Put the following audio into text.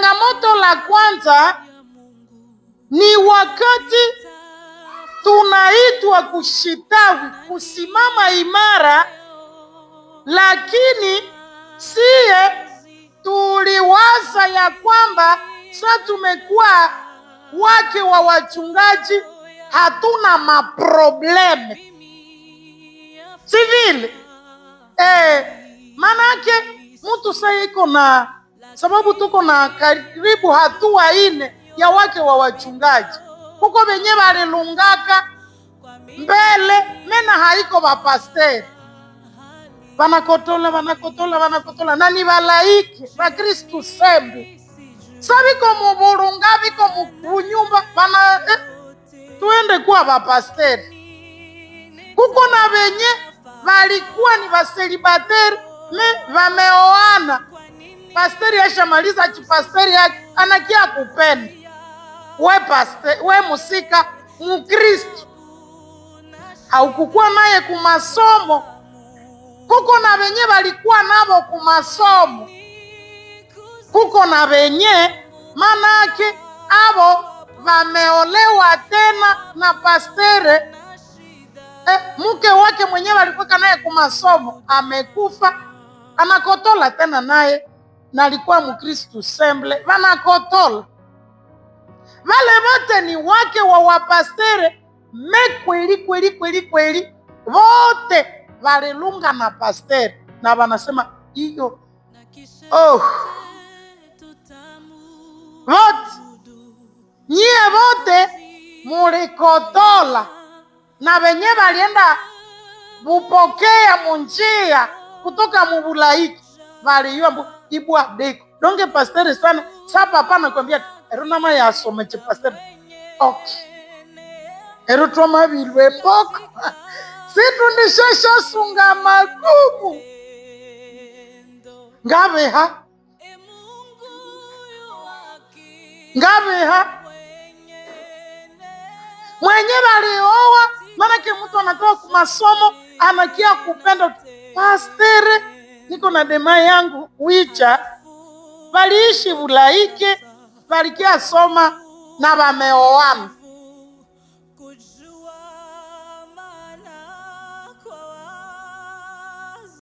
Changamoto la kwanza ni wakati tunaitwa kushitawi, kusimama imara, lakini siye tuliwaza ya kwamba sa tumekuwa wake wa wachungaji, hatuna maprobleme sivile eh, manake mtu sasa iko na sababu tuko na karibu hatua ine ya wake wa wachungaji kuko venye valilungaka mbele mena haiko vapasteri vanakotola vanakotola vanakotola na ni valaiki vakristu sembu sa viko muvulunga viko muvunyumba vana eh, tuende kuwa vapasteri kuko na venye valikuwa ni vaselibateri me vameoana Pasteri ashamaliza chipasteri yake, anakia kupenda we paste, we musika Mukristu haukukuwa naye kumasomo kuko na venye valikuwa navo kumasomo kuko na venye manake avo vameolewa tena na pastere eh, muke wake mwenyewe alikuwa naye kumasomo amekufa, anakotola tena naye na alikuwa Mkristu semble vanakotola vale vote ni wake wa wapastere me kweli kweli kweli kweli, vote valilunga na pastere na vanasema hiyo oh. Vote nyie vote mulikotola na venye valienda vupokea munjia kutoka muvulaiki valiiwa ibwa deko donge pasteri sana sa papa anakwambia erunama yasomeche pasteri ok erutoma vilwe mboko situndishesha sunga magumu ngaveha ngaveha mwenye valiowa manake mtu anatoka kumasomo anakia kupenda pasteri niko na dema yangu wicha valiishi vulaike valikia soma na vameoana